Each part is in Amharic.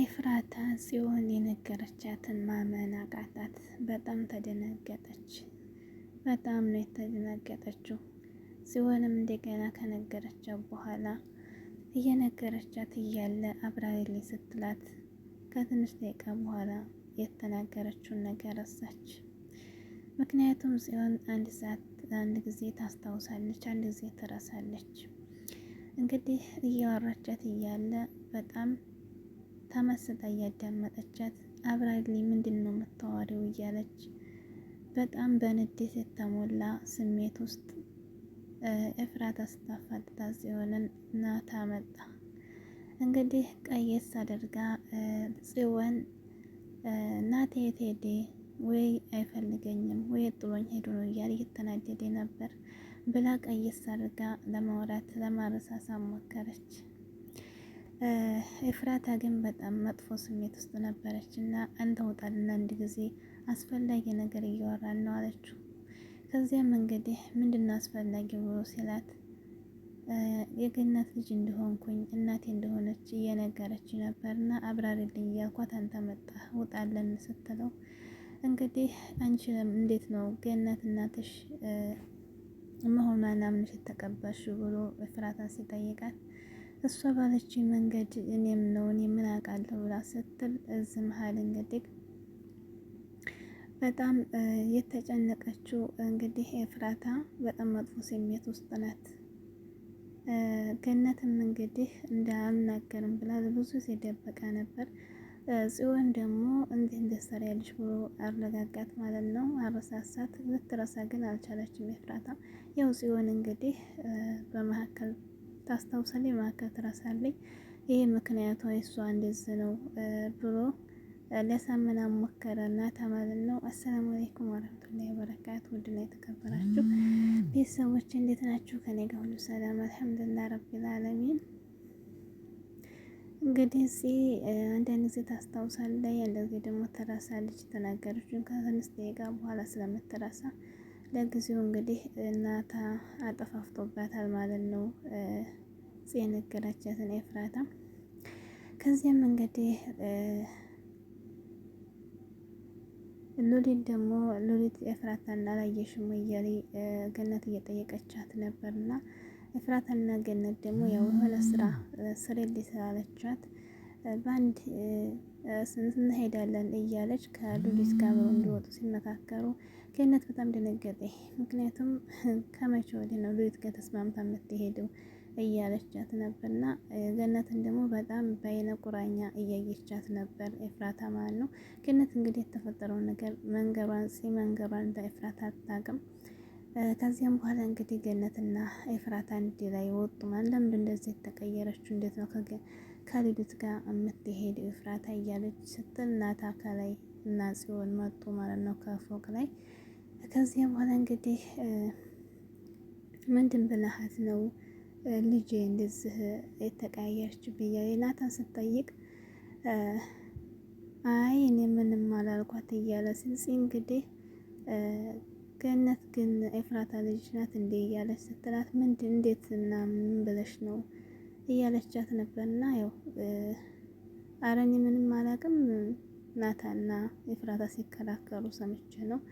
ኤፍራታ ጽዮን የነገረቻትን ማመን አቃታት። በጣም ተደነገጠች። በጣም ነው የተደነገጠችው። ጽዮንም እንደገና ከነገረቻት በኋላ እየነገረቻት እያለ አብራሪልኝ ስትላት ከትንሽ ደቂቃ በኋላ የተናገረችውን ነገር ረሳች። ምክንያቱም ጽዮን አንድ ሰዓት አንድ ጊዜ ታስታውሳለች፣ አንድ ጊዜ ትረሳለች። እንግዲህ እያወራቻት እያለ በጣም ተመስጣ እያዳመጠቻት አብራሪ ምንድን ነው የምታወሪው እያለች በጣም በንዴት የተሞላ ስሜት ውስጥ እፍራት አስታፋልታ ጽዮንን ናታ መጣ። እንግዲህ ቀየስ አድርጋ ጽዮን ናቴ የት ሄደ? ወይ አይፈልገኝም ወይ ጥሎኝ ሄዱ ነው እያለ እየተናደደ ነበር ብላ ቀየስ አድርጋ ለማውራት ለማረሳሳ ሞከረች። ኤፍራታ ግን በጣም መጥፎ ስሜት ውስጥ ነበረች እና እንተውጣልና አንድ ጊዜ አስፈላጊ ነገር እያወራን ነው አለችው። ከዚያም እንግዲህ ምንድነው አስፈላጊ ብሎ ሲላት የገነት ልጅ እንደሆንኩኝ እናቴ እንደሆነች እየነገረች ነበርና አብራሪልኝ እያልኳት አንተ መጣ ውጣለን ስትለው እንግዲህ አንቺ እንዴት ነው ገነት እናትሽ መሆኗን አምነሽ የተቀበልሽ ብሎ ኤፍራታ ሲጠይቃት እሷ ባለች መንገድ እኔ ምነው እኔ ምን አውቃለሁ ብላ ስትል እዚህ መሀል እንግዲህ በጣም የተጨነቀችው እንግዲህ ኤፍራታ በጣም መጥፎ ስሜት ውስጥ ናት። ገነትም እንግዲህ እንዳልናገርም ብላ ብዙ ሲደበቃ ነበር። ጽዮን ደግሞ እንዲህ እንደሰራ ያለች ብሎ አረጋጋት ማለት ነው። አረሳሳት ልትረሳ ግን አልቻለችም። ኤፍራታ ያው ጽዮን እንግዲህ በመካከል ታስታውሳለች ማከት ትረሳለች። ይህ ምክንያቷ የእሷ እንደዚህ ነው ብሎ ለሳምና ሞከረና ተማልን ነው። አሰላሙ አለይኩም ወረህመቱላሂ ወበረካቱ። ውድና የተከበራችሁ ቤተሰቦች እንዴት ናችሁ? ከኔ ጋር ሁሉ ሰላም አልሐምዱሊላህ ረቢል አለሚን። እንግዲህ እዚህ አንዳንድ ጊዜ ታስታውሳለች፣ አንዳንድ ጊዜ ደግሞ ትረሳለች። የተናገረችውን ከአምስት ደቂቃ በኋላ ስለምትረሳ ለጊዜው እንግዲህ እናታ አጠፋፍቶባታል ማለት ነው። የነገረቻትን ኤፍራታ ከዚህም እንግዲህ ሉሊት ደግሞ ሉሊት ኤፍራታ እና ላየሽም እያለ ገነት እየጠየቀቻት ነበርና ኤፍራታና ገነት ደግሞ ያው የሆነ ስራ ስሬ ሊሰራለቻት በአንድ እንሄዳለን እያለች ከሉሊት ጋር አብረው እንዲወጡ ሲመካከሩ ገነት በጣም ደነገጠ። ምክንያቱም ከመቼ ወዲህ ነው ሉሊት ጋር ተስማምታ የምትሄደው? እያለቻት ነበርና ገነትን ደግሞ በጣም በአይነ ቁራኛ እያየቻት ነበር ኤፍራታ ማለት ነው። ገነት እንግዲህ የተፈጠረውን ነገር መንገሯን ፂ መንገሯን በኤፍራታ አታውቅም። ከዚያም በኋላ እንግዲህ ገነትና ኤፍራታ እንዲ ላይ ወጡ። ለምንድን እንደዚህ የተቀየረችው እንዴት ነው ከልጅት ጋር የምትሄድ ኤፍራታ እያለች ስትል እናታ ከላይ እና ጽዮን መጡ ማለት ነው ከፎቅ ላይ ከዚያ በኋላ እንግዲህ ምንድን ብልሃት ነው ልጄ እንደዚህ የተቀያየረችብኝ እያለ ናታን ስጠይቅ አይ እኔ ምንም አላልኳት እያለ ስንጽ እንግዲህ ገነት ግን ኤፍራታ ልጅ ናት እንዴ እያለች ስትላት ምንድን እንዴት እና ምን ብለሽ ነው እያለቻት ነበርና ያው አረ እኔ ምንም አላቅም ናታና ኤፍራታ ሲከራከሩ ሰምቼ ነው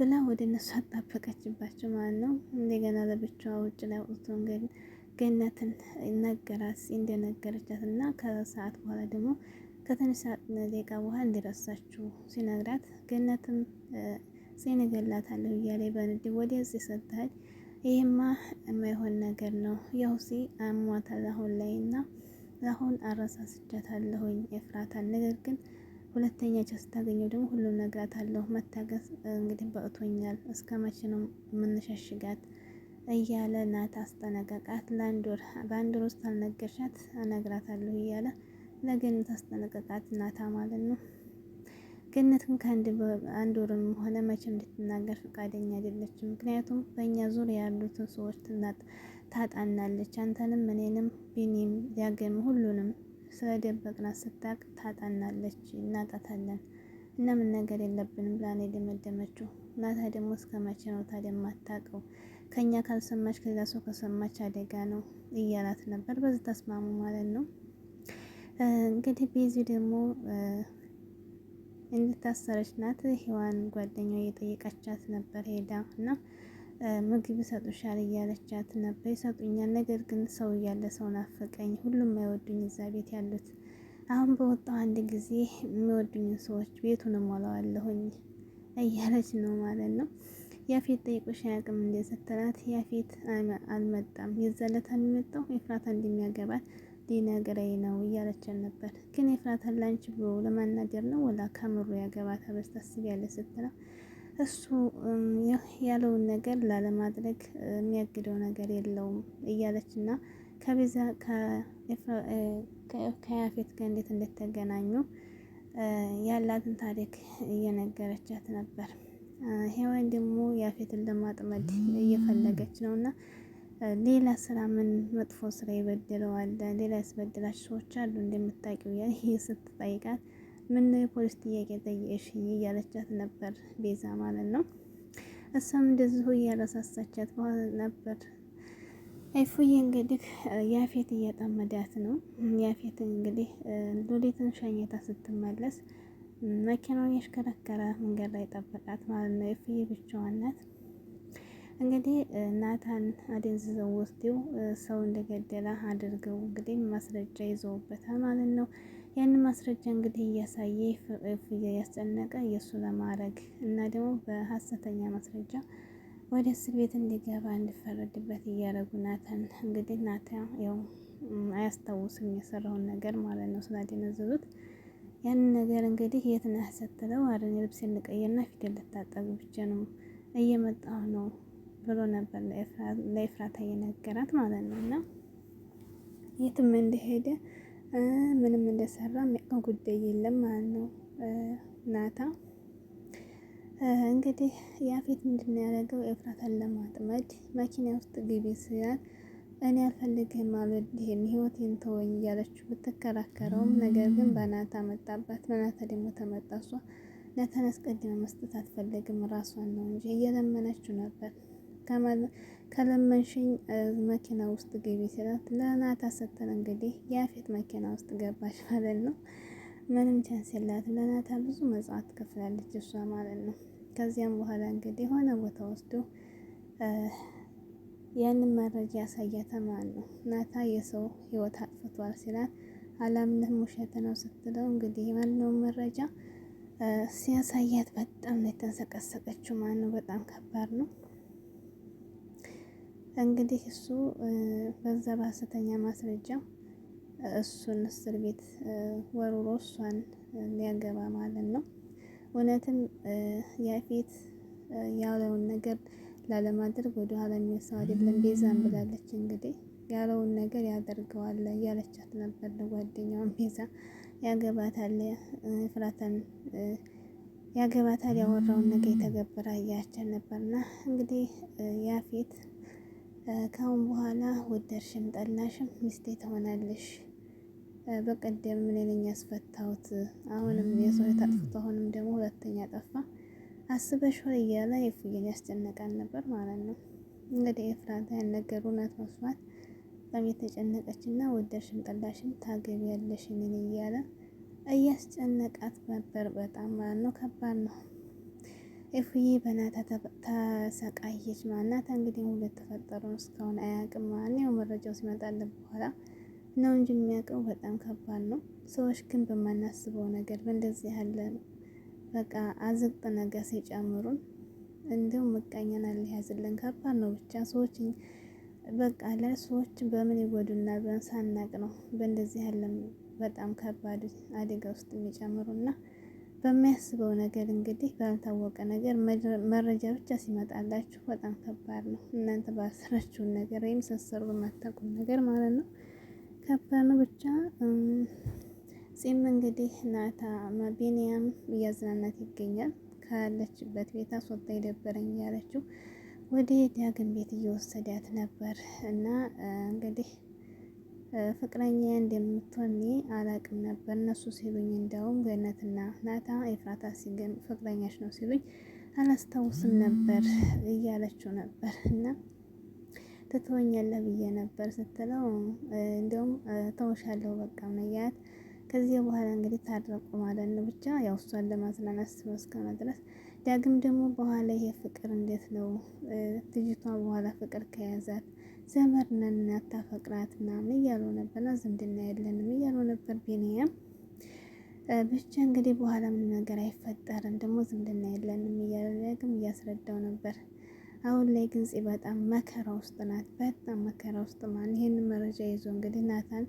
ብላ ወደ እነሱ አጣበቀችባቸው ማለት ነው። እንደገና ለብቻዋ ውጭ ላይ ወጥቶ እንግዲህ ገነትን ነገራት እንደነገረቻት እና ከሰዓት በኋላ ደግሞ ከትንሽ ሰዓት ደቂቃ በኋላ እንደረሳችው ሲነግራት ገነትም ጽዮን እገላታለሁ እያለ በንድ ወደ ጽዮን ሰጥተሃል። ይህማ የማይሆን ነገር ነው። ያው ሲ አሟታል አሁን ላይ እና አሁን አረሳስቻታለሁኝ ኤፍራታን። ነገር ግን ሁለተኛ ቻንስ ስታገኘው ደግሞ ሁሉም ነግራታለሁ። መታገስ እንግዲህ በቅቶኛል። እስከ መቼ ነው የምንሸሽጋት? እያለ ናት አስጠነቀቃት። ለአንድ ወር በአንድ ውስጥ አልነገርሻት አነግራታለሁ እያለ ለገነት አስጠነቀቃት። ናታ ማለት ነው። ገነትም ከአንድ አንድ ወርም ሆነ መቼም እንድትናገር ፈቃደኛ አይደለችም። ምክንያቱም በእኛ ዙሪያ ያሉትን ሰዎች ታጣናለች። አንተንም፣ እኔንም፣ ቢኒም፣ ዳግም ሁሉንም ስለደበቅና ስታቅ ታጣናለች፣ እናጣታለን እና ምን ነገር የለብንም ብላ ነው የደመደመችው። ናታ ደግሞ እስከ መቼ ነው ታዲያ የማታውቀው? ከኛ ካልሰማች ከዛ ሰው ከሰማች አደጋ ነው እያላት ነበር። በዚህ ተስማሙ ማለት ነው። እንግዲህ ቤዚ ደግሞ እንድታሰረች ናት። ሔዋን ጓደኛው እየጠየቃቻት ነበር ሄዳ እና ምግብ ይሰጡሻል እያለቻት ነበር። ይሰጡኛል፣ ነገር ግን ሰው እያለ ሰው ናፈቀኝ፣ ሁሉም አይወዱኝ እዛ ቤት ያሉት። አሁን በወጣው አንድ ጊዜ የሚወዱኝ ሰዎች ቤቱንም ሞላዋለሁኝ እያለች ነው ማለት ነው። ያፌት ጠይቆሽ አያውቅም እንደ ስትላት ያፌት አልመጣም። የዘለት የሚመጣው ኤፍራታ እንደሚያገባት ሊነግረኝ ነው እያለችን ነበር። ግን ኤፍራታ ላንቺ ብሎ ለማናገር ነው ወላ ከምሩ ያገባት አበስታ ያለ ስትለው እሱ ያለውን ነገር ላለማድረግ የሚያግደው ነገር የለውም እያለች እና ከቤዛ ከያፌት ጋር እንዴት እንደተገናኙ ያላትን ታሪክ እየነገረቻት ነበር። ሄዋን ደግሞ ያፌትን ለማጥመድ እየፈለገች ነው እና ሌላ ስራ ምን መጥፎ ስራ ይበድለዋል? ሌላ ያስበድላችሁ ሰዎች አሉ እንደምታውቂው ያ ይህ ስትጠይቃት ምን የፖሊስ ጥያቄ ጠየቅሽ እያለቻት ነበር ቤዛ ማለት ነው። እሷም እንደዚሁ እያረሳሳቻት ነበር። አይፉዬ እንግዲህ ያፌት እያጠመዳት ነው። ያፌት እንግዲህ ሉሊትን ሸኝታ ስትመለስ መኪናውን ያሽከረከረ መንገድ ላይ ጠበቃት ማለት ነው። የፍዬ ብቻዋነት ናት እንግዲህ ናታን አደንዝዘው ወስደው ሰው እንደገደለ አድርገው እንግዲህ ማስረጃ ይዘውበታል ማለት ነው። ያን ማስረጃ እንግዲህ እያሳየ ፍዬ እያስጨነቀ የእሱ ለማድረግ እና ደግሞ በሀሰተኛ ማስረጃ ወደ እስር ቤት እንዲገባ እንዲፈረድበት እያደረጉ ናታን እንግዲህ ናታ ያው አያስታውስም የሰራውን ነገር ማለት ነው ስላደነዘዙት ያንን ነገር እንግዲህ የት ነህ ስትለው አረን ልብሴን ልቀይርና ፊቴን ልታጠብ ብቻ ነው እየመጣሁ ነው ብሎ ነበር ለኤፍራታ የነገራት ማለት ነው። እና የትም እንደሄደ ምንም እንደሰራ የሚያውቀው ጉዳይ የለም ማለት ነው። ናታ እንግዲህ ያፌት ምንድን ያደረገው ኤፍራታን ለማጥመድ መኪና ውስጥ ግቢ ስላት እኔ አልፈልግህም አልወድህም ህይወቴን ተወኝ እያለችው ብትከራከረውም ነገር ግን በናታ መጣባት። በናታ ደግሞ ተመጣ እሷ ናታን አስቀድማ መስጠት አትፈልግም ራሷን ነው እንጂ እየለመነችው ነበር። ከለመንሽኝ መኪና ውስጥ ገቢ ሲላት ለናታ ስትል እንግዲህ ያፌት መኪና ውስጥ ገባች ማለት ነው። ምንም ቻንስ የላት ለናታ ብዙ መጽዋዕት ትከፍላለች እሷ ማለት ነው። ከዚያም በኋላ እንግዲህ የሆነ ቦታ ወስዶ ያንን መረጃ ያሳያታል ማለት ነው። ናታ የሰው ህይወት አጥፍቷል ሲላት አላምንህም ውሸት ነው ስትለው እንግዲህ ማንኛውም መረጃ ሲያሳያት በጣም ነው የተንሰቀሰቀችው ማን ነው። በጣም ከባድ ነው። እንግዲህ እሱ በዛ በሀሰተኛ ማስረጃ እሱን እስር ቤት ወርውሮ እሷን ሊያገባ ማለት ነው። እውነትም ያፌት ያለውን ነገር ላለማድረግ ወደ ኋላ የሚወስድ አይደለም። ቤዛም ብላለች እንግዲህ ያለውን ነገር ያደርገዋል እያለቻት ነበር። ለጓደኛውም ቤዛ ያገባታል፣ ፍራተን ያገባታል፣ ያወራውን ነገር የተገበረ እያያቻት ነበርና እንግዲህ ያፌት ከአሁን በኋላ ወደርሽም ጠላሽም ሚስቴ ትሆናለሽ። በቀደም ምን ያስፈታሁት አሁንም የሰው አጥፍቶ አሁንም ደግሞ ሁለተኛ ጠፋ። አስበሽዋል እያለ የፍየን ያስጨነቃል ነበር ማለት ነው። እንግዲህ ኤፍራታ ያነገሩ ናት መስማት በጣም የተጨነቀች እና ወደድሽም ጠላሽም ታገቢያለሽ ምን እያለ እያስጨነቃት ነበር በጣም ማለት ነው። ከባድ ነው። ኤፍዬ በናታ ተሰቃየች ማናት እንግዲህ ሁለት ተፈጠረው እስካሁን አያውቅም ማለት ነው። መረጃው ሲመጣለት በኋላ ነው እንጂ የሚያውቀው በጣም ከባድ ነው። ሰዎች ግን በማናስበው ነገር በእንደዚህ ያለ ነው በቃ አዝቅጥ ነገር ሲጨምሩን እንዲሁም ምቀኛን አለ ያዝልን። ከባድ ነው ብቻ ሰዎች በቃ ሰዎች በምን ይጎዱና ሳናቅ ነው በእንደዚህ ያለ በጣም ከባድ አደጋ ውስጥ የሚጨምሩና በሚያስበው ነገር እንግዲህ ባልታወቀ ነገር መረጃ ብቻ ሲመጣላችሁ በጣም ከባድ ነው። እናንተ ባሰራችሁን ነገር ወይም ሰሰሩ በማታውቁም ነገር ማለት ነው። ከባድ ነው ብቻ ፂም እንግዲህ ናታ ቢንያም እያዝናናት ይገኛል። ካለችበት ቤት አስወጣ የደበረኝ ያለችው ወደ ዳግም ቤት እየወሰዳት ነበር እና እንግዲህ ፍቅረኛ እንደምትሆን አላቅም ነበር እነሱ ሲሉኝ፣ እንደውም ገነትና ናታ የፍራታ ሲገን ፍቅረኛሽ ነው ሲሉኝ አላስታውስም ነበር እያለችው ነበር እና ትተወኛለህ ብዬ ነበር ስትለው፣ እንዲሁም ተውሻለሁ በቃ መያት ከዚያ በኋላ እንግዲህ ታረቁ ማለት ነው። ብቻ ያው እሷን ለማዝናናት እስከሆነ ድረስ ዳግም ደግሞ በኋላ ይሄ ፍቅር እንዴት ነው ልጅቷ በኋላ ፍቅር ከያዛት ዘመድ ነን አታፈቅራት ምናምን እያሉ ነበርና ዝምድና ያለንም እያሉ ነበር ቢኒያም ብቻ እንግዲህ በኋላ ምን ነገር አይፈጠርም ደግሞ ዝምድና የለንም እያለ ዳግም እያስረዳው ነበር። አሁን ላይ ግን በጣም መከራ ውስጥ ናት። በጣም መከራ ውስጥ ማን ይህንን መረጃ ይዞ እንግዲህ ናታን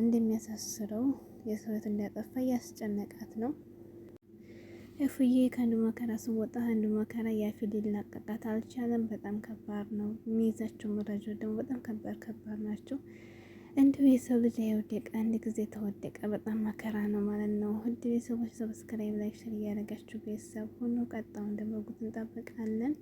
እንደሚያሳስረው የሰው ሕይወት እንዳያጠፋ እያስጨነቃት ነው። እፉዬ ከአንዱ መከራ ስወጣ አንዱ መከራ ያፊ ሊላቀቃት አልቻለም። በጣም ከባድ ነው። የሚይዛቸው መረጃ ደግሞ በጣም ከባድ ከባድ ናቸው። እንዲሁ የሰው ልጅ የወደቀ አንድ ጊዜ ተወደቀ በጣም መከራ ነው ማለት ነው። ውድ ቤተሰቦች ሰብስክራይብ፣ ላይክ፣ ሸር እያደረጋችሁ ቤተሰብ ሆኖ ቀጣውን ደግሞ ጉት እንጠብቃለን።